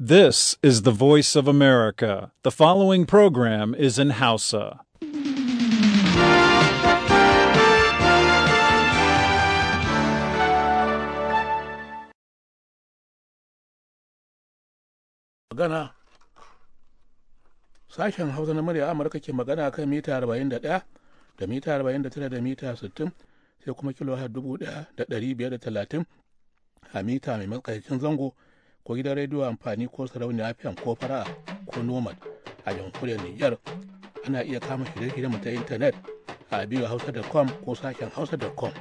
This is the voice of America. The following program is in Hausa. Magana Sashen Hausa na murya Amurka ke magana kan mita 41 da mita 49 da mita 60 sai kuma kilo 1530 a mita mai matsakaicin zango ko gidan rediyo amfani ko sarauniya fm ko fara'a ko nomad a yankunan niger ana iya kama shirye-shiryen mu ta intanet a biyu hausa.com ko sashen hausa.com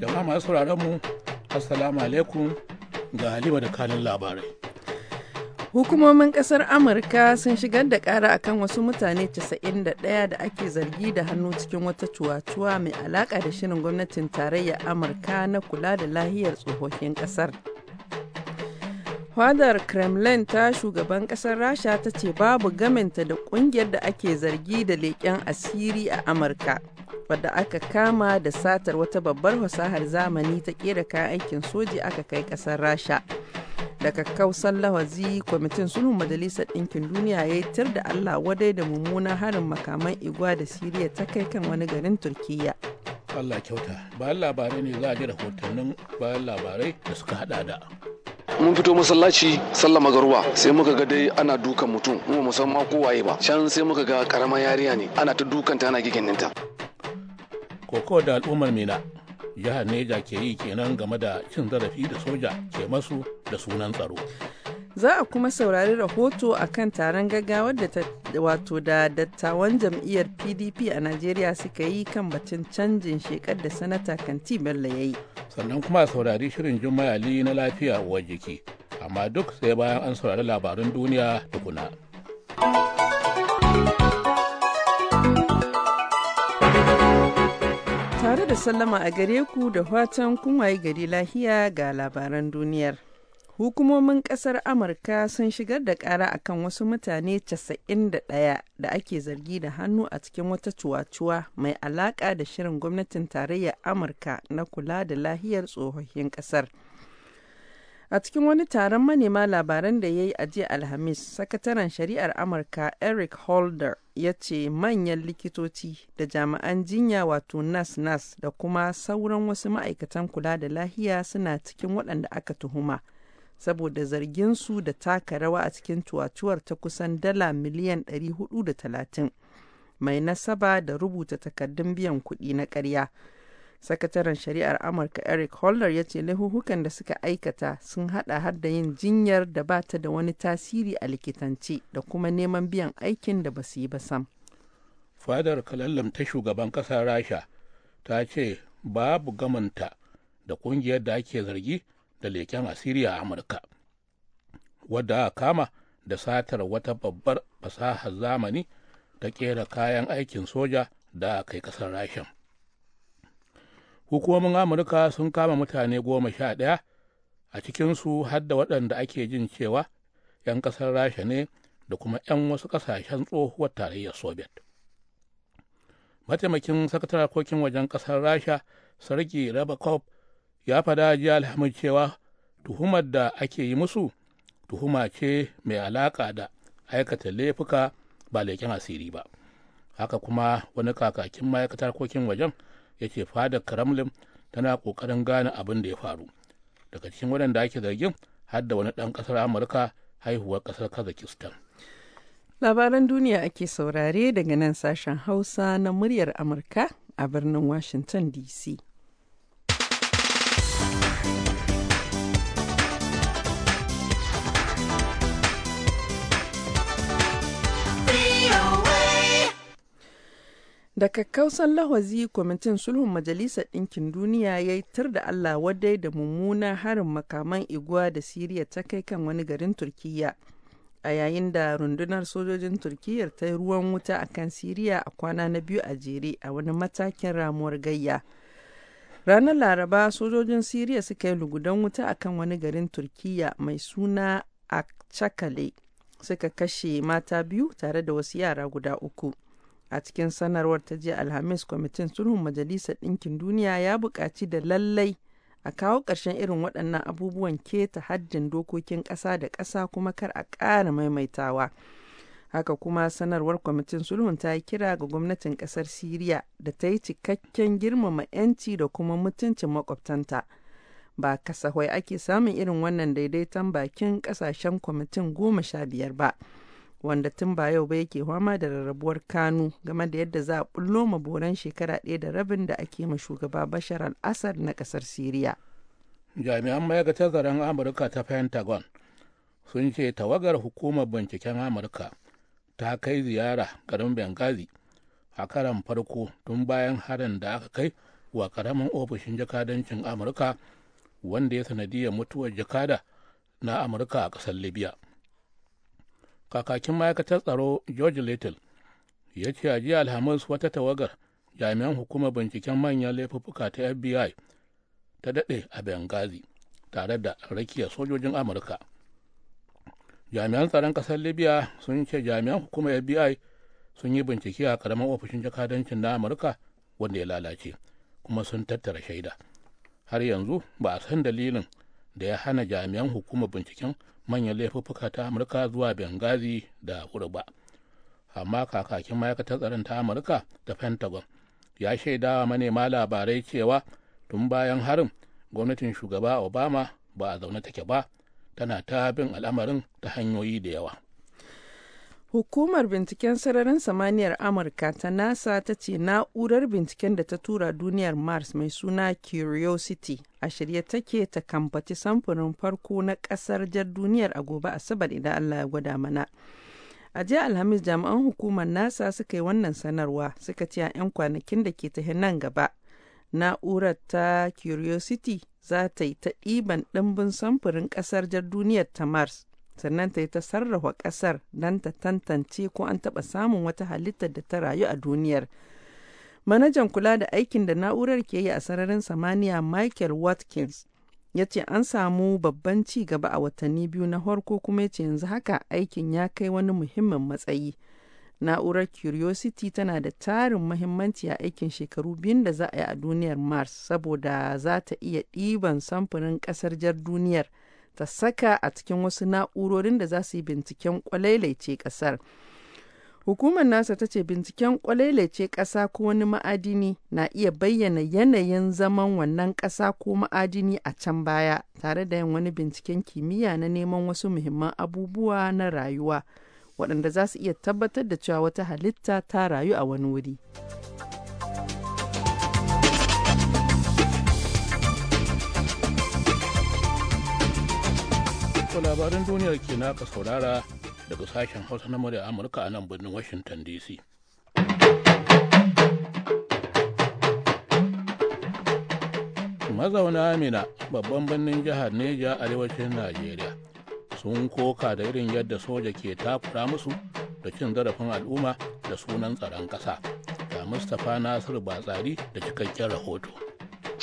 jama'a masu sauraron mu assalamu alaikum ga halima da kanin labarai Hukumomin kasar Amurka sun shigar da kara akan wasu mutane 91 da ake zargi da hannu cikin wata cuwa-cuwa mai alaka da shirin gwamnatin tarayya Amurka na kula da lahiyar tsofaffin kasar. Fadar Kremlin ta shugaban kasar Rasha ta ce babu gaminta da kungiyar da ake zargi da leƙen asiri a Amurka. wadda aka kama da satar wata babbar fasahar zamani ta kera kayan aikin soji aka kai kasar rasha da kakkausan lawazi kwamitin sulhun majalisar ɗinkin duniya ya yi tir da allah wadai da mummunan harin makaman igwa da siriya ta kai kan wani garin turkiya allah kyauta bayan labarai ne za a ji rahotannin bayan labarai da suka hada da mun fito masallaci sallah magaruba sai muka ga dai ana dukan mutum mu musamman kowaye ba can sai muka ga karamar yariya ne ana ta dukanta ana giginninta koko da al'ummar mina jihar neja ke yi kenan game da cin zarafi da soja ke masu da sunan tsaro za a kuma saurari rahoto a kan taron gaggawar da wato da dattawan jam'iyyar pdp a najeriya suka yi kan batun canjin shekar da sanata kanti bello ya yi sannan kuma saurari shirin juma'a ali na lafiya uwar jiki amma duk sai bayan an saurari labarun duniya tukuna. da sallama a gare ku da fatan kun gari lahiya ga labaran duniyar. Hukumomin kasar Amurka sun shigar da ƙara akan wasu mutane 91 da ake zargi da hannu a cikin wata cuwacuwa mai alaƙa da shirin gwamnatin tarayyar Amurka na kula da lahiyar tsohohin kasar. A cikin wani taron manema labaran da ya yi a jiya Alhamis, Sakataren Shari'ar Amurka Eric Holder ya ce manyan likitoci da jami'an jinya wato nas nas da kuma sauran wasu ma'aikatan kula da lahiya suna cikin waɗanda aka tuhuma saboda zarginsu da taka rawa a cikin tuwatuwar ta kusan dala miliyan 430 mai nasaba da rubuta takardun biyan kuɗi na ƙarya. sakataren shari'ar amurka eric holder ya ce lahuhukan da suka aikata sun hada har da yin jinyar da ba ta da wani tasiri a likitance da kuma neman biyan aikin da ba su yi ba sam fadar kalallam ta shugaban kasar rasha ta ce babu gamanta da kungiyar da ake zargi da leken asiri a amurka wadda aka kama da satar wata babbar fasahar zamani ta kera kayan aikin soja da aka kai kasar rashin hukumomin amurka sun kama mutane goma sha ɗaya a cikinsu har da waɗanda ake jin cewa 'yan ƙasar rasha ne da kuma 'yan wasu ƙasashen tsohuwar tarayyar soviet mataimakin sakatar harkokin wajen ƙasar rasha sarki rabakov ya fada jiya alhamis cewa tuhumar da ake yi musu tuhuma ce mai alaƙa da aikata laifuka ba leƙen asiri ba haka kuma wani kakakin ma'aikatar harkokin wajen ya ce fadar kremlin tana kokarin gane abin da ya faru daga cikin waɗanda ake zargin har da wani ɗan ƙasar amurka haihuwar ƙasar kazakistan labaran duniya ake saurare daga nan sashen hausa na muryar amurka a birnin washington dc Da kakkausan lahazi kwamitin sulhun Majalisar Ɗinkin Duniya ya yi tur da Allah wadai da mummuna harin makaman iguwa da Siriya ta kai kan wani garin Turkiyya. A yayin da rundunar sojojin Turkiyyar ta yi ruwan wuta a kan Siriya a kwana na biyu a jere a wani matakin ramuwar gayya. Ranar Laraba sojojin Siriya suka yi lugudan wuta a kan wani garin Turkiyya mai suna Akçakale suka kashe mata biyu tare da wasu yara guda uku. a cikin sanarwar ta jiya alhamis kwamitin sulhun majalisar ɗinkin duniya ya buƙaci da lallai a kawo ƙarshen irin waɗannan abubuwan keta haddin dokokin ƙasa da ƙasa kuma kar a ƙara maimaitawa haka kuma sanarwar kwamitin sulhun ta yi kira ga gwamnatin ƙasar siriya da ta yi cikakken girmama 'yanci da kuma mutuncin makwabtanta ba kasahwai ake samun irin wannan daidaiton bakin ƙasashen kwamitin goma sha biyar ba. wanda tun ba yau ba yake fama da rarrabuwar kanu game da yadda za a bullo ma shekara ɗaya da rabin da ake ma shugaba bashar al na ƙasar siriya jami'an ma'aikatar tsaron amurka ta pentagon sun ce tawagar hukumar binciken amurka ta kai ziyara garin bengazi a karan farko tun bayan harin da aka kai wa karamin ofishin jakadancin amurka wanda ya sanadiyar mutuwar jakada na amurka a ƙasar libya kakakin ma'aikatar tsaro george little ya ce a jiya alhamis wata tawagar jami'an hukumar binciken manyan laifuffuka ta fbi ta daɗe a benghazi tare da rakiya sojojin amurka jami'an tsaron ƙasar libya sun ce jami'an hukumar fbi sun yi bincike a ƙaramin ofishin jakadancin na amurka wanda ya lalace kuma sun tattara shaida har yanzu ba a san dalilin da ya hana jami'an hukumar binciken manyan laifuffuka ta amurka zuwa bengazi da hurba amma kakakin ma'aikatar tsaron ta amurka da pentagon ya shaida wa manema labarai cewa tun bayan harin gwamnatin shugaba obama ba a zaune take ba tana ta bin al'amarin ta hanyoyi da yawa Hukumar binciken sararin samaniyar Amurka ta NASA ta ce na'urar binciken da ta tura duniyar Mars mai suna Curiosity a shirye take ta kambaci samfurin farko na kasar jar duniyar a gobe a Asabar idan Allah ya gwada mana. A jiya Alhamis jami'an hukumar NASA suka yi wannan sanarwa suka ce a 'yan kwanakin da ke tafi nan gaba. Na'urar ta Curiosity za ta yi ta ɗiban ɗimbin samfurin ƙasar jar duniyar ta Mars sannan ta yi ta sarrafa ƙasar don ta tantance ko an taɓa samun wata halittar da ta rayu a duniyar. Manajan kula da aikin da na'urar ke yi a sararin samaniya Michael Watkins ya ce an samu babban ci gaba a watanni biyu na farko kuma ya ce yanzu haka aikin ya kai wani muhimmin matsayi. Na'urar Curiosity tana da tarin mahimmanci a aikin shekaru biyun da za a yi a duniyar Mars saboda za ta iya ɗiban samfurin ƙasar jar duniyar. ta saka a cikin wasu na'urorin da za su yi binciken kwalailaice ƙasar. Hukumar nasa ta ce binciken kwalailaice ƙasa ko wani ma'adini na iya bayyana yanayin zaman wannan ƙasa ko ma'adini a can baya tare da yin wani binciken kimiyya na neman wasu muhimman abubuwa na rayuwa waɗanda za su iya tabbatar da cewa wata halitta ta rayu a wani wuri. To labaran duniyar ke naka saurara daga sashen Hausa na murya Amurka a nan birnin Washington DC. mazauna amina babban birnin jihar neja arewacin najeriya sun koka da irin yadda soja ke takura musu da cin zarafin al'umma da sunan tsaron ƙasa ga mustapha Nasiru batsari da cikakken rahoto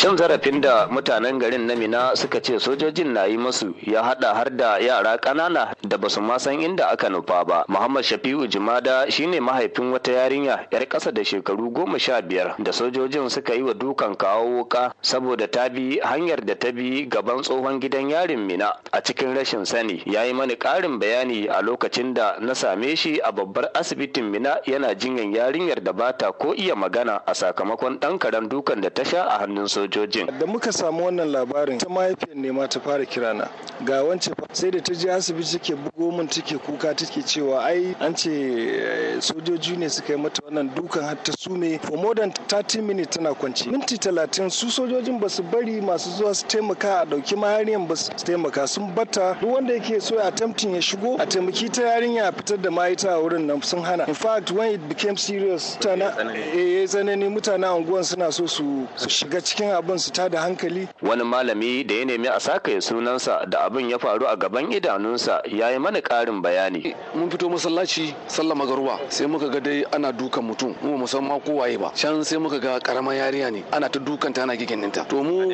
cin zarafin da mutanen garin na mina suka ce sojojin na yi masu ya hada har da yara ƙanana da basu ma san inda aka nufa ba muhammad shafi'u jimada shine mahaifin wata yarinya yar ƙasa da shekaru goma sha biyar da sojojin suka yi wa dukan kawo wuka saboda ta bi hanyar da ta bi gaban tsohon gidan yarin mina a cikin rashin sani ya yi mani ƙarin bayani a lokacin da na same shi a babbar asibitin mina yana jinyan yarinyar da bata ko iya magana a sakamakon ɗan karen dukan da ta sha a hannun sojoji sojojin da muka samu wannan labarin ta mahaifiyar ne ma ta fara kirana ga wance sai da ta je asibiti take bugo min take kuka take cewa ai an ce eh, sojoji ne suka yi mata wannan dukan har ta sume for more than 30 minutes tana kwance minti talatin su sojojin ba su bari masu zuwa su taimaka a dauki mahariyan ba su taimaka sun bata duk wanda yake so ya attempting ya shigo a taimaki ta yarinya a fitar da mahaita a wurin nan sun hana in fact when it became serious mutane eh tsanani mutane unguwan suna so su shiga cikin abin su tada hankali. Wani malami da ya nemi a saka ya sunansa da abin ya faru a gaban idanunsa ya yi mana ƙarin bayani. Mun fito masallaci sallama garuwa sai muka ga dai ana dukan mutum mu ba san ma ba can sai muka ga karamar yariya ne ana ta dukan ta ana giginninta to mu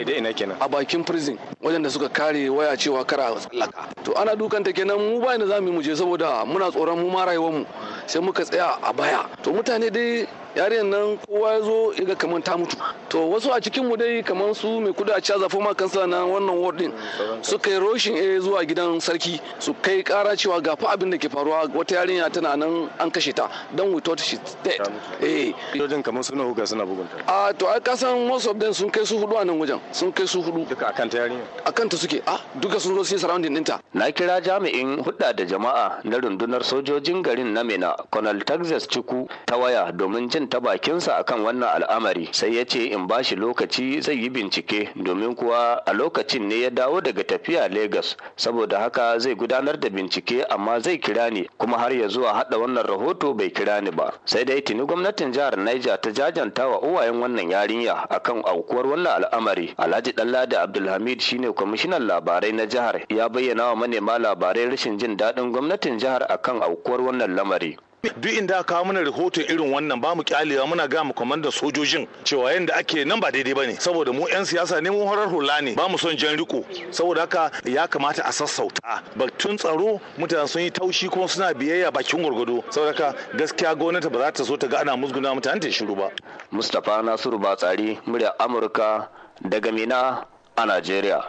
a bakin prison wajen da suka kare waya cewa kara laka to ana dukan ta kenan mu ba inda zamu mu je saboda muna tsoron mu ma rayuwar mu sai muka tsaya a baya to mutane dai yarin nan kowa ya zo ga kamar ta mutu to wasu a cikin mu dai kamar su mai kudu a zafo foma kansa na wannan ward din su yi roshin eh zuwa gidan sarki su kai kara cewa ga fa abin da ke faruwa wata yarinya tana nan an kashe ta dan we thought she dead eh dojin kamar suna huga suna bugunta a to ai ka san most of them sun kai su hudu a nan wajen sun kai su hudu duka akan ta yarinya akan ta suke ah duka sun zo su surrounding dinta. na kira jami'in hudda da jama'a na rundunar sojojin garin na Mena Colonel Texas Chuku ta waya domin jin jin ta bakinsa akan wannan al'amari sai ya ce in bashi lokaci zai yi bincike domin kuwa a lokacin ne ya dawo daga tafiya Legas saboda haka zai gudanar da bincike amma zai kira ni kuma har ya zuwa hada wannan rahoto bai kira ni ba sai dai tuni gwamnatin jihar Niger ta jajanta wa uwayen wannan yarinya akan aukuwar wannan al'amari Alhaji Danladi Abdulhamid shine kwamishinan labarai na jihar ya bayyana wa manema labarai rashin jin daɗin gwamnatin jihar akan aukuwar wannan lamari duk inda kawo mana rahoton irin wannan ba mu kyalewa muna ga mu kwamandan sojojin cewa yanda ake nan ba daidai bane saboda mu yan siyasa ne mu horar hula ne ba mu son jan riko saboda haka ya kamata a sassauta batun tsaro mutane sun yi taushi kuma suna biyayya bakin gwargwado saboda haka gaskiya gwamnati ba za ta so ta ga ana musguna mutane ta shiru ba Mustapha Nasiru Batsari murya Amurka daga Mina a Najeriya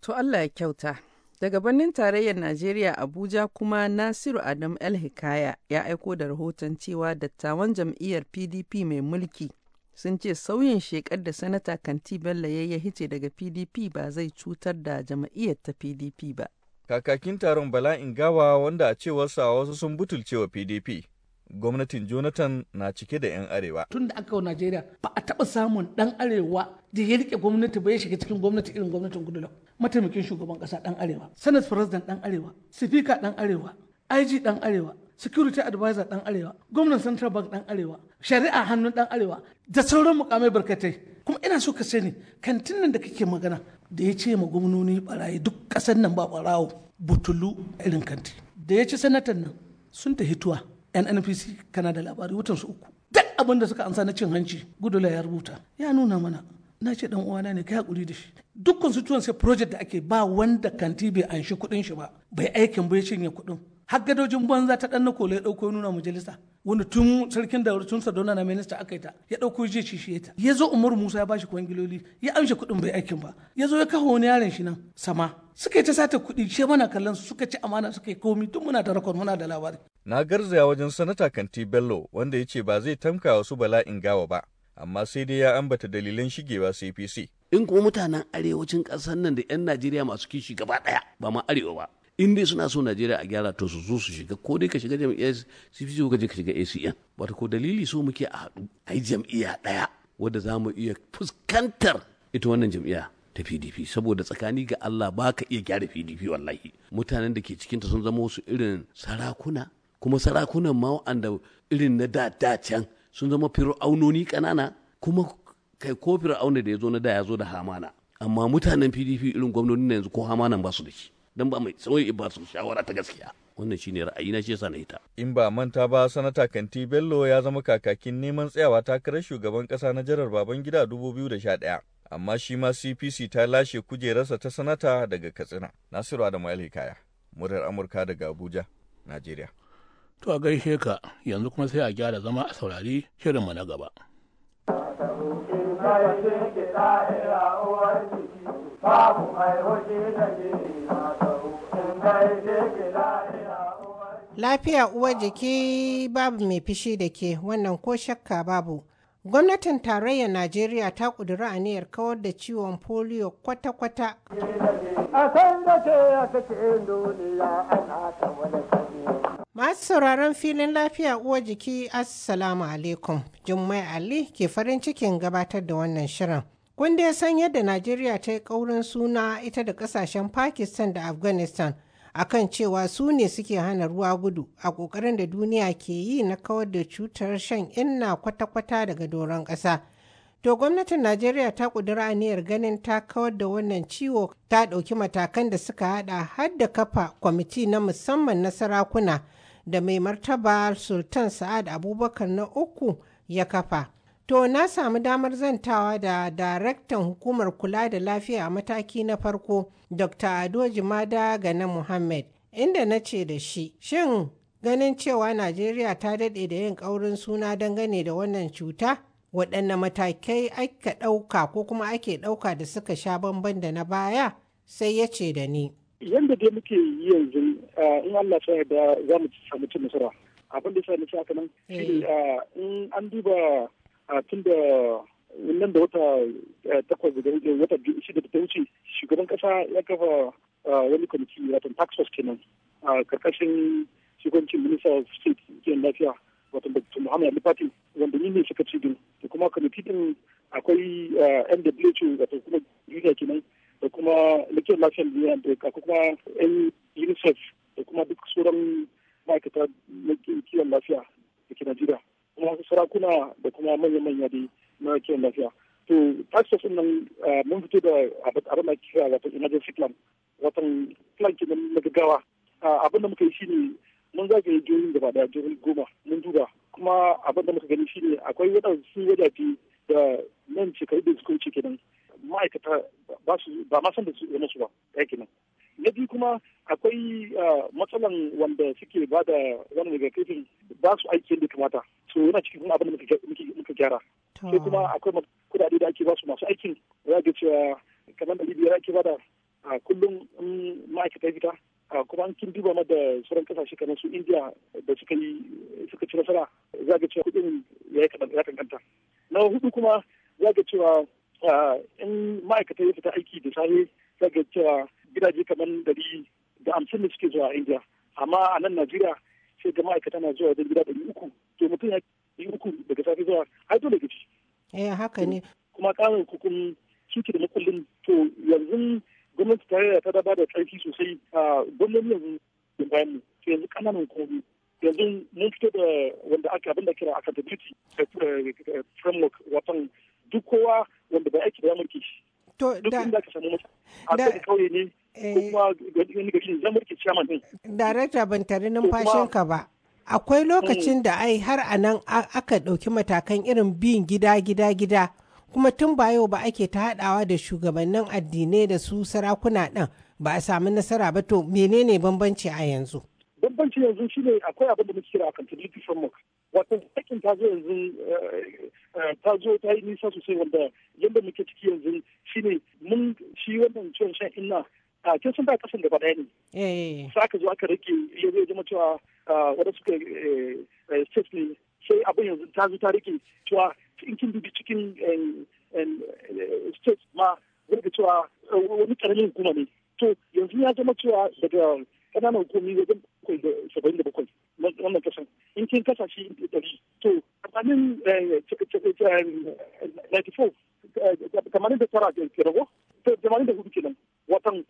to Allah ya kyauta Daga birnin tarayyar Najeriya Abuja kuma Nasiru Adam El Hikaya ya aiko da rahoton cewa dattawan jam'iyyar PDP mai mulki sun ce sauyin shekar da sanata Kanti Bello ya yi hice daga PDP ba zai cutar da jam'iyyar ta PDP ba. Kakakin taron Bala Ingawa wanda a cewarsa wasu sun butulce wa PDP. gwamnatin jonathan na cike da 'yan arewa tun da aka wa najeriya ba a taɓa samun ɗan arewa da ya rike gwamnati ba ya shiga cikin gwamnati irin gwamnatin goodluck mataimakin shugaban kasa dan arewa senate president dan arewa sifika dan arewa ig dan arewa security advisor dan arewa gwamnan central bank dan arewa shari'a hannun dan arewa da sauran mukamai barkatai kuma ina so ka sani kantin nan da kake magana da ya ce ma gwamnoni barayi duk kasan nan ba barawo butulu irin kanti da ya ci sanatan nan sun ta hituwa nnpc kana da labari watan su uku duk abin da suka ansa na cin hanci gudula ya rubuta ya nuna mana na ce dan uwana ne kai hakuri da shi duk constituency project da ake ba wanda kanti bai anshi kuɗin shi ba bai aikin bai cinye kuɗin har gadojin banza ta ɗan kola ya dauko nuna majalisa wanda tun sarkin da tun sadona na minista aka yi ta ya ɗauko je shi ta ya zo umar musa ya bashi kwangiloli ya amshe kuɗin bai aikin ba ya zo ya kawo wani yaron shi nan sama suka yi ta sata kuɗi ce mana kallon su suka ci amana suka yi komi tun muna da rakon muna da labari. na garzaya wajen sanata kanti bello wanda ya ce ba zai tamka wasu bala'in gawa ba amma sai dai ya ambata dalilan shigewa CPC. In kuma mutanen arewacin ƙasar nan da 'yan Najeriya masu kishi gaba ɗaya ba ma arewa ba. In dai suna so Najeriya a gyara to su zo su shiga ko dai ka shiga jam'iyyar CPC ko ka je ka shiga ACN. Wata ko dalili so muke a haɗu a yi jam'iyya ɗaya wadda za mu iya fuskantar ita wannan jam'iyya. ta PDP saboda tsakani ga Allah ba ka iya gyara PDP wallahi mutanen da ke cikinta sun zama wasu irin sarakuna kuma sarakunan ma wa'anda irin na da can sun zama fir'aunoni ƙanana kuma kai ko fir'auna da ya zo na da ya zo da hamana amma mutanen pdp irin gwamnonin yanzu ko hamanan ba su da shi don ba mai tsawon ba su shawara ta gaskiya wannan shine ra'ayina shi shesa na ita in ba manta ba sanata kanti bello ya zama kakakin neman tsayawa takarar shugaban ƙasa na jirar babangida 2011 amma shi ma cpc ta lashe kujerarsa ta sanata daga katsina nasiru adamu alhikaya murar amurka daga abuja najeriya To a gaishe ka yanzu kuma sai a gyara zama a saurari shirinmu na gaba. Lafiya uwar jiki babu mai fishi da ke wannan ko shakka babu. Gwamnatin tarayyar Najeriya ta ƙudiri aniyar kawar da ciwon polio kwata-kwata. Masu sauraron filin lafiya uwa jiki Assalamu alaikum. Jummai Ali ke farin cikin gabatar da wannan shirin. Kun dai san yadda Najeriya ta yi ƙaurin suna ita da ƙasashen Pakistan da Afghanistan akan cewa su ne suke hana ruwa gudu a ƙoƙarin da duniya ke yi na kawar da cutar shan inna kwata-kwata daga doron ƙasa. To gwamnatin Najeriya ta ƙudura aniyar ganin ta kawar da wannan ciwo ta ɗauki matakan da suka haɗa har da kafa kwamiti na musamman na sarakuna da mai martaba Sultan Sa'ad Abubakar na uku ya kafa. To na samu damar zantawa da daraktan hukumar kula da lafiya a mataki na farko Dr. Ado Jimada Gana Muhammad inda na ce da shi, shin ganin cewa Najeriya ta daɗe da yin ƙaurin suna dangane da wannan cuta? waɗanne matakai aka ɗauka ko kuma ake ɗauka da suka sha bamban da na baya sai ya ce da ni. Yanda dai muke yi yanzu ah, in Allah sa da za mu samu cin nasara. Abin da sa ni sa nan eh. ah, in an duba a tun da nan da wata eh, takwas da wata biyu shida da ta wuce shugaban kasa ya kafa eh, wani kwamiti wato tax force kenan a karkashin shugabancin minister of state kiyan lafiya wato dr muhammad ali fati wanda ni ne suka ci din da kuma kwamiti din akwai eh, nwho wato kuma duniya kenan da kuma likiyar lafiyar duniya da kuma yan unicef da kuma duk sauran ma'aikata na kiwon lafiya da ke najeriya masu sarakuna da kuma manya-manya dai na kiwon lafiya to taxes din nan eh, mun fito da abin da kira wato emergency plan wato plan kenan na gaggawa ah, abin da muka yi ne mun yi jirgin gaba da jirgin goma mun duba kuma abin da muka gani ne akwai waɗansu wajaje da nan shekaru da suka wuce kenan ma'aikata ba su ba ma san da su yana su ba aiki nan na biyu kuma akwai ah, matsalan wanda suke ba da wani rigakafin ba su aiki yadda kamata to yana cikin abin da muka gyara sai kuma akwai kudade da ake ba su masu aikin za ga cewa kamar da biyar ake bada a kullum ma'aikata fita kuma kin duba ma da sauran kasashe kamar su india da suka yi suka ci nasara za ga cewa kudin ya kankanta na hudu kuma za ga cewa in ma'aikata ya fita aiki da safe za ga cewa gidaje kamar dari da hamsin ne suke zuwa india amma a nan najeriya sai ga ma'aikata na zuwa wajen gida ɗari uku to mutum ya yi uku daga safe zuwa har dole gaji eh haka ne kuma karin kukun suke da makullin to yanzu gwamnati tarayya ta ba da tsarki sosai a gwamnati yanzu da bayan mu to yanzu kananan kogi yanzu mun fito da wanda aka abin da kira accountability framework watan duk kowa wanda bai aiki da ya mulki shi to duk inda ka samu mutum a kan kauye ne ko kuma wani gari ne zan mulki chairman din director ban tare numfashinka ba akwai hmm. lokacin da ai har a nan aka ɗauki matakan irin bin gida gida gida kuma tun ba yau ba ake ta haɗawa da shugabannin addinai da su sarakuna ɗin ba a sami nasara ba to menene bambanci a yanzu bambanci yanzu shine akwai abin da muke kira accountability framework wato aikin ta zo yanzu eh, eh, ta zo ta yi nisa sosai wanda yadda muke ciki yanzu shine mun shi wannan ciwon shan inna a ah, kin sun ba kasan gaba daya ne eh. sai aka zo aka rike ya zai zama cewa ah, wadda suka eh, eh, state ne sai abin yanzu ta zo ta rage cewa in kin dubi cikin state ma zai cewa wani karamin hukuma ne to yanzu ya zama cewa daga kananan hukumi wajen bakwai da saba'in da bakwai wannan kasan in kin kasa shi dari to tsakanin 94 kamar da tara da rabo tamanin da hudu kenan watan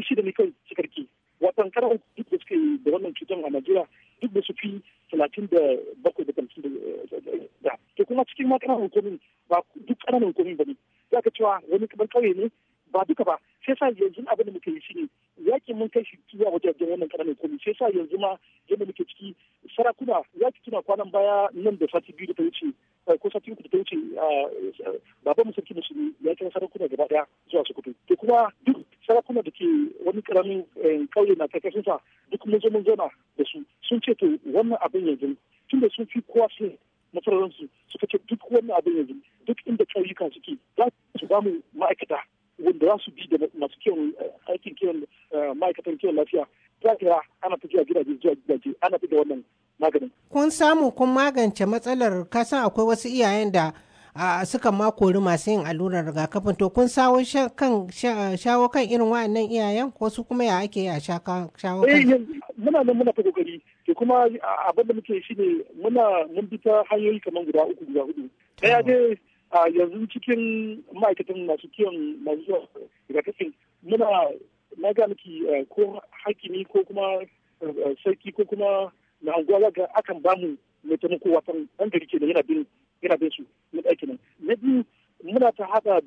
shi da ne kawai suka rike watan karan duk da suke da wannan cutar a najeriya duk da su fi talatin da bakwai da talatin da to kuma cikin ma kananan hukumin ba duk kananan hukumin ba ne za ka cewa wani kamar ƙauye ne ba duka ba sai sa yanzu abin da muke yi shine yakin mun kai shi zuwa wajajen wannan kananan hukumin sai sa yanzu ma yadda muke ciki sarakuna ya ki tuna kwanan baya nan da sati biyu da ta wuce eh, ko sati uku da ta wuce ah, eh, baban musulki sarki musulmi ya kira sarakuna gaba daya zuwa sokoto to kuma duk sarakuna da ke wani karamin kauye eh, na karkashin sa duk mun zo mun zauna da su sun ce to wannan abin yanzu tun da sun fi kowa su matsalolin su suka ce duk wannan abin yanzu duk inda kauyuka suke za su ba mu ma'aikata wanda za su bi da masu kiwon eh, aikin kiwon eh, ma'aikatan kiwon lafiya za ka ana tafiya gidaje zuwa gidaje ana fi da wannan maganin. Kun samu kun magance matsalar kasan akwai wasu iyayen da a suka ma kori masu yin allurar rigakafin to kun sawo kan shawo kan irin wa'annan iyayen ko su kuma ya ake a shawo kan eh, muna nan muna ta kokari ke kuma abin da muke ne muna mun bi ta hanyoyi kamar guda uku guda hudu daya dai yanzu cikin ma'aikatan masu kiyon masu zuwa rigakafin muna na ga miki eh, ko hakimi ko kuma eh, sarki ko kuma na anguwa akan bamu mai taimako watan ɗan gari ke da yana bin irabe su na ɗaki nan na biyu muna ta haɗa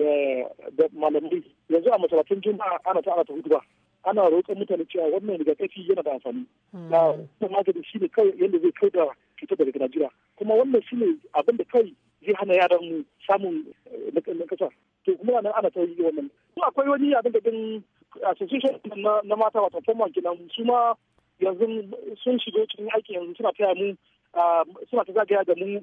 da malamai yanzu a masarautun juma'a ana ta ana ta hudu ba ana roƙon mutane cewa wannan rigakafi yana da amfani hmm. na wannan magani shi ne kawai yadda zai kai da cutar daga najeriya kuma wannan shi ne abin da kai zai hana yaran mu samun eh, na ƙasa to kuma nan ana ta yi wannan ko akwai wani abin da din association na mata wato formal kenan su ma yanzu sun shigo cikin aiki yanzu suna taya mu ah, suna ta zagaya da mu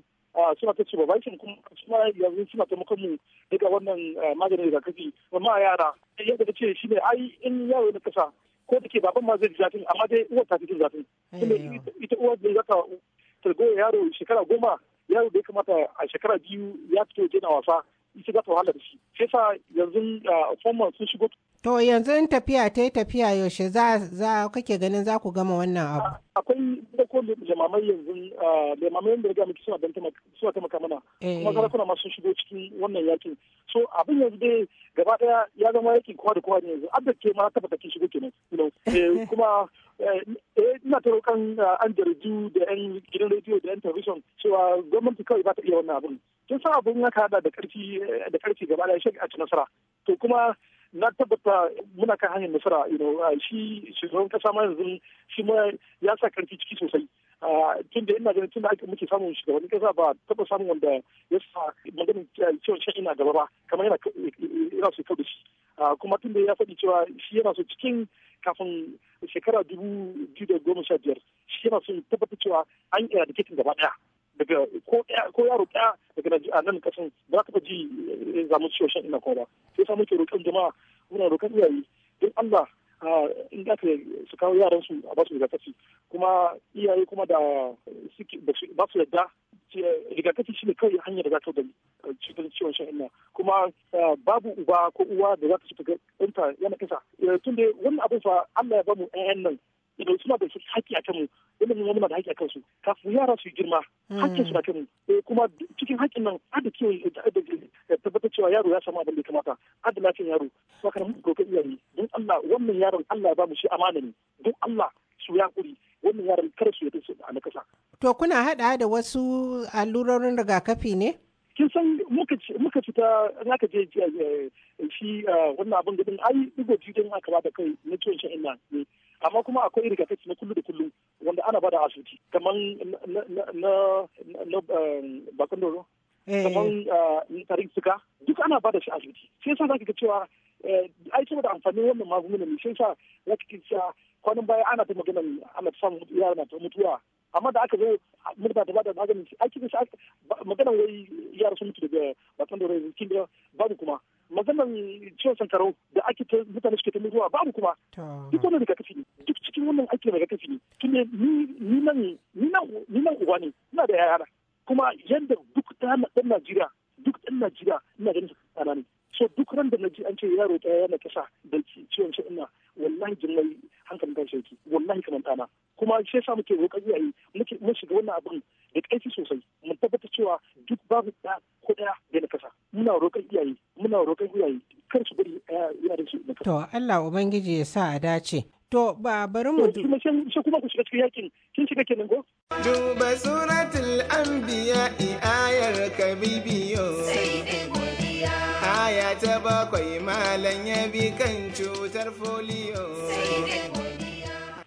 suna ta ce ba bakin kuma kuma yanzu suna taimakon mu daga wannan eh, maganin rigakafi amma yara eh, yadda ta ce shi ne ai in yaro na kasa ko da ke baban ma zai ji zafin amma dai uwar ta fi jin zafin ita uwar da za ta yaro shekara goma yaro da ya kamata a shekara biyu ya fito yana wasa ita za ta wahala da shi sai sa yanzu eh, a sun shigo To yanzu in tafiya ta yi tafiya yaushe za kake ganin za ku gama wannan abu. Akwai da ko limamai yanzu limamai da riga suna don suna taimaka mana. Eh, kuma eh. sarakuna masu shigo cikin wannan yakin. So abin yanzu dai gaba daya ya zama yakin kowa da kowa ne yanzu. Abda ke ma tabbata kin shigo kenan. Eh, kuma ina ta roƙon an jaridu da 'yan gidan rediyo da 'yan television cewa gwamnati kawai ba ta iya wannan abin. Kin san abin ya kada da karfi da gaba daya shi a ci nasara. To kuma na tabbata muna kan hanyar nasara shi shugaban kasa ma yanzu shi ma ya sa karfi ciki sosai tun da ina ganin tun da ake muke samun shugabannin kasa ba taba samun wanda ya sa maganin eh, cewa shi ina gaba ba kamar yana eh, yana so kau da shi kuma tun da ya faɗi cewa shi yana so cikin kafin shekara dubu biyu da goma sha biyar shi yana so tabbata cewa an iya da gaba ɗaya daga ko yaro ɗaya daga a nan kasan ba ka ji zamu ciwo shan ina kuma ba sai sa muke roƙon jama'a muna roƙon iyaye don Allah in da su kawo yaran su a basu rigakafi kuma iyaye kuma da ba su yadda rigakafi shine kawai hanyar da za ta cutar ciwon shan inna kuma babu uba ko uwa da za ta cutar ɗanta yana kisa eh, tun wannan abin fa Allah ya bamu 'ya'yan nan idan suna da haƙƙi kan mu dole mu muna da haƙƙi kan su kafin yara su girma hmm. haƙƙin su a kan mu eh, kuma cikin haƙƙin nan ada kiyaye eh, da tabbatar cewa yaro ya samu abin da kamata da lafiyar yaro saka mu roƙi iyaye don Allah wannan yaron Allah ba mu shi amana ne don Allah su ya kuri wannan yaron kar su yi a nakasa to kuna hada da wasu allurorin rigakafi ne kin san muka fita za ka je eh, shi eh, wannan abin gudun ai digo jirgin aka ba da kai na ciwon sha'in nan ne amma kuma akwai rigakafi na kullu da kullum wanda ana bada asibiti kamar na eh, bakon doro kamar tarin suka duk ana bada shi asibiti sai sa za ka ga cewa ai saboda amfanin wannan magungunan ne sai sa za ka ga kwanin baya ana ta magana ana ta samun yara na ta mutuwa amma da aka zo murna ta bada maganin aiki da shi magana wai yara sun mutu daga batsan da rai kin babu kuma maganan ciwon sankarau da ake ta mutane suke ta mutuwa babu kuma duk wannan rigakafi ne duk cikin wannan aiki na rigakafi ne tunda ni nan ni nan uba ne ina da yara kuma yadda duk ɗan Najeriya duk ɗan Najeriya ina ganin tsana ne so duk ran da na ji an ce yaro ɗaya yana kasa da ciwon shi ina wallahi jimai hankalin kan shauki wallahi manta na kuma shi yasa muke roƙon iyaye muke mun shiga wannan abin da kaifi sosai mun tabbata cewa duk babu da ko ɗaya da na kasa muna roƙon iyaye muna roƙon iyaye kar su bari eh, ya da su na kasa. to Allah ubangiji ya sa a dace To ba bari mu duba. Sai kuma ku shiga cikin yakin kin shiga kenan ko? Duba suratul anbiya ayar kabibiyo. Aya ta bakwai malam ya bi kan cutar foliyo.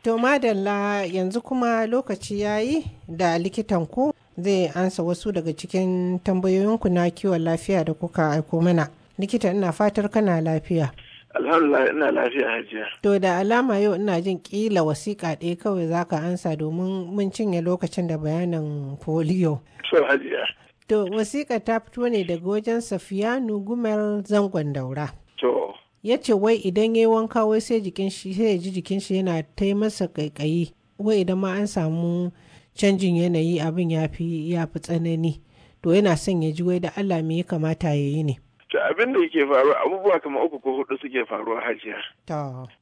To madalla yanzu kuma lokaci yayi da likitan ku zai ansa wasu daga cikin tambayoyinku na kiwon lafiya da kuka aiko mana. Likita ina fatar kana lafiya. Alhamdulillah ina lafiya hajiya. To da alama yau ina jin kila wasiƙa ɗaya kawai za ka ansa domin mun cinye lokacin da bayanin polio. So hajiya. To wasiƙa ta fito ne daga wajen Safiyanu Gumar zangon daura. To. Ya ce wai idan ya yi wanka wai sai jikin shi sai ya ji jikin shi yana ta masa ƙaiƙayi. Wai idan ma an samu canjin yanayi abin ya fi tsanani. To yana son ya ji wai da Allah me ya kamata ya yi ne. ta abin da yake faruwa abubuwa kamar uku ko hudu suke faruwa hajiya.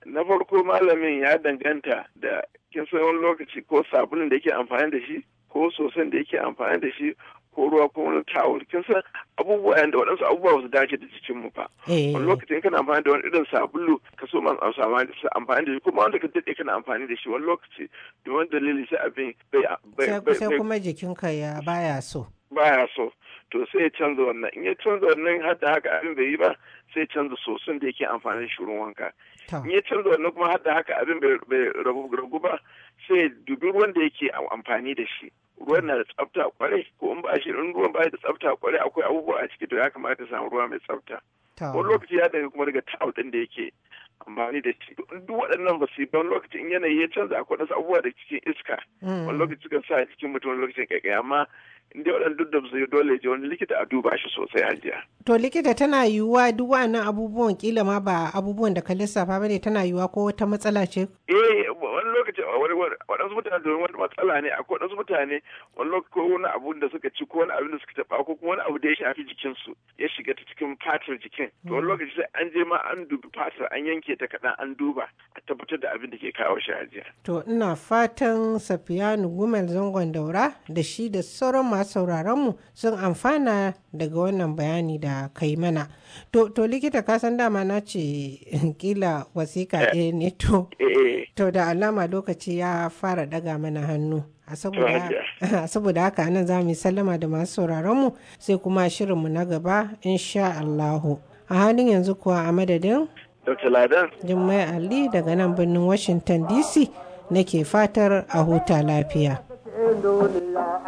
Na farko malamin ya danganta da kin san wani lokaci ko sabulun da yake amfani da shi ko sosan da yake amfani da shi ko ruwa ko wani tawul kin san abubuwa yanda waɗansu abubuwa su dace da cikin mu fa. Eh. Wani lokacin kana amfani da wani irin sabulu ka so man amfani da shi kuma wanda ka daɗe kana amfani da shi wani lokaci da wani dalili sai abin bai bai bai. Sai kuma jikinka ya baya so. Baya so. to sai ya canza wannan in ya canza wannan har da haka abin bai yi ba sai ya canza soson da yake amfani shirin wanka in ya canza wannan kuma har da haka abin bai ragu ba sai ya dubi ruwan da yake amfani da shi ruwan na da tsafta kwarai ko in ba shi in ruwan ba da tsafta kwarai akwai abubuwa a ciki to ya kamata samu ruwa mai tsafta wani lokaci ya daga kuma daga ta'au din da yake amfani da shi duk waɗannan ba su ban lokaci in yanayi ya canza akwai wasu abubuwa da cikin iska hmm. wani lokaci suka sa cikin mutum wani lokacin kaikai amma inda waɗanda duk da su dole je wani likita a duba shi sosai hajiya. To likita tana yiwuwa duk wa'annan abubuwan kila ma ba abubuwan da ka lissafa ba ne tana yiwuwa ko wata matsala ce? Eh wani lokaci waɗansu mutane domin wani matsala ne akwai waɗansu mutane wani lokaci wani abu da suka ci ko wani abu da suka taɓa ko wani abu da ya shafi jikinsu ya shiga ta cikin fatar jikin. To wani lokaci sai an je ma an dubi fatar an yanke ta kaɗan an duba tabbatar da abin da ke kawo shi hajiya. To ina fatan Safiyanu Gumel zangon daura da shi da sauran masu sauraronmu sun amfana daga wannan bayani da kai mana. To, to likita ka san dama na ce kila wasika eh. ɗaya ne to. Eh, eh. To da alama lokaci ya fara daga mana hannu. a saboda haka nan za mu yi sallama da masu sauraronmu sai kuma shirin mu na gaba insha Allahu. A halin yanzu kuwa a madadin? Dr. Ladan. Jummai Ali daga nan birnin Washington DC nake fatar a huta lafiya. Amma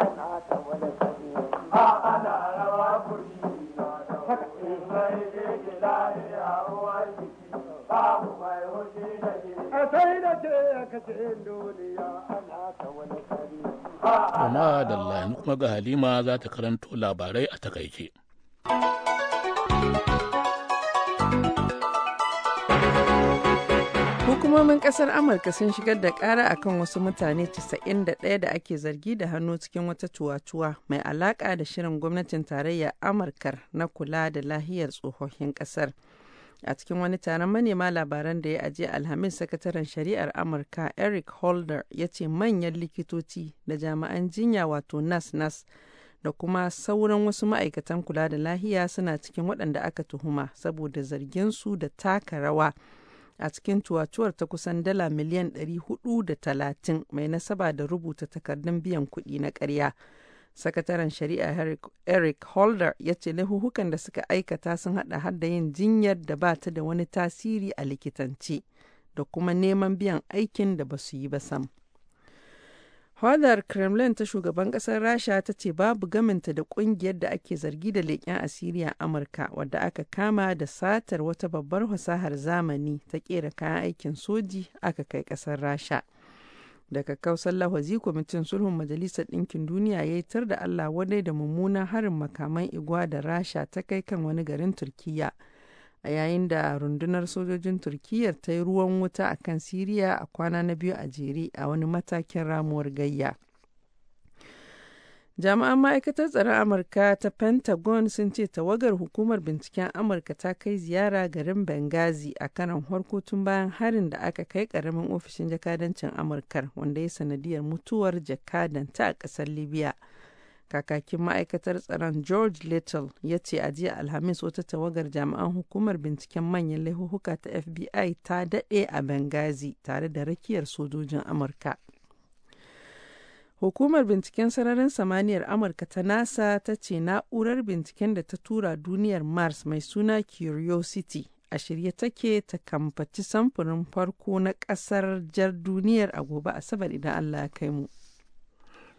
da kuma ga Halima za ta karanto labarai a takaice. Hukumomin ƙasar Amurka sun shigar da kara akan wasu mutane 91 da ake zargi da hannu cikin wata tuwatuwa mai alaƙa da shirin gwamnatin tarayya Amurka na kula da lahiyar tsohohin ƙasar A cikin wani taron manema labaran da ya ajiye Alhamis sakataren shari'ar Amurka Eric Holder ya ce manyan likitoci da jami'an jinya wato nas-nas da kuma sauran wasu ma'aikatan kula da lahiya suna cikin waɗanda aka tuhuma saboda zargin su da taka rawa. a cikin tuwatuwar ta kusan dala miliyan 430 mai nasaba da rubuta takardun biyan kuɗi na ƙarya. Sakataren Shari'a Eric Holder ya ce lahuhukan da suka aikata sun haɗa hada yin jinyar da ba ta da wani tasiri a likitanci da kuma neman biyan aikin da ba su yi ba sam. hodar kremlin ta shugaban kasar rasha ta ce babu gaminta da kungiyar da ake zargi da leƙen asiriya amurka wadda aka kama da satar wata babbar fasahar zamani ta ƙera kayan aikin soji aka kai kasar rasha daga kausar lahazi kwamitin sulhun majalisar ɗinkin duniya ya yi tar da allah wadai da mummunan harin makaman igwa da rasha ta kai kan wani garin turkiyya a yayin da rundunar sojojin turkiyyar ta yi ruwan wuta a kan siriya a kwana na biyu a jere a wani matakin ramuwar gayya jami'an ma'aikatar tsaron amurka ta pentagon sun ce tawagar hukumar binciken amurka ta kai ziyara garin benghazi a karan harko tun bayan harin da aka kai karamin ofishin jakadancin amurkar wanda ya sanadiyar mutuwar jakadanta a kasar libya kakakin ma'aikatar tsaron george little ya ce a jiya alhamis wata tawagar jami'an hukumar binciken manyan laifuka ta fbi ta daɗe a benghazi tare da rakiyar sojojin amurka hukumar binciken sararin samaniyar amurka ta nasa ta ce na'urar binciken da ta tura duniyar mars mai suna curiosity a shirye take ta kamfaci samfurin farko na kasar jar duniyar a gobe asabar idan allah ya kai mu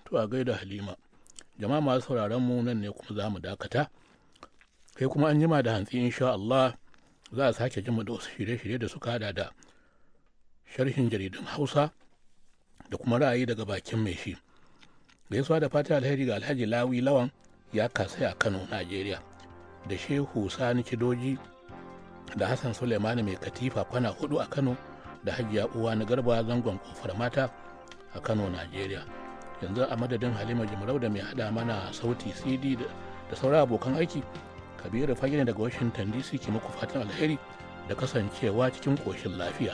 to a gaida halima jama'a masu sauraron mu nan ne kuma za mu dakata kai kuma an jima da hantsi insha Allah za a sake jima da wasu shirye-shirye da suka hada da sharhin jaridun Hausa da kuma ra'ayi daga bakin mai shi gaisuwa da fata alheri ga Alhaji Lawi Lawan ya kasai a Kano nigeria da Shehu Sani Kidoji da Hassan Suleimani mai katifa kwana hudu a Kano da Hajiya Uwa na Garba zangon kofar mata a Kano nigeria. yanzu a madadin halima jimarau da mai hada mana sauti cd da sauran abokan aiki kabiru fage ne daga washington dc ke muku fatan alheri da kasancewa cikin koshin lafiya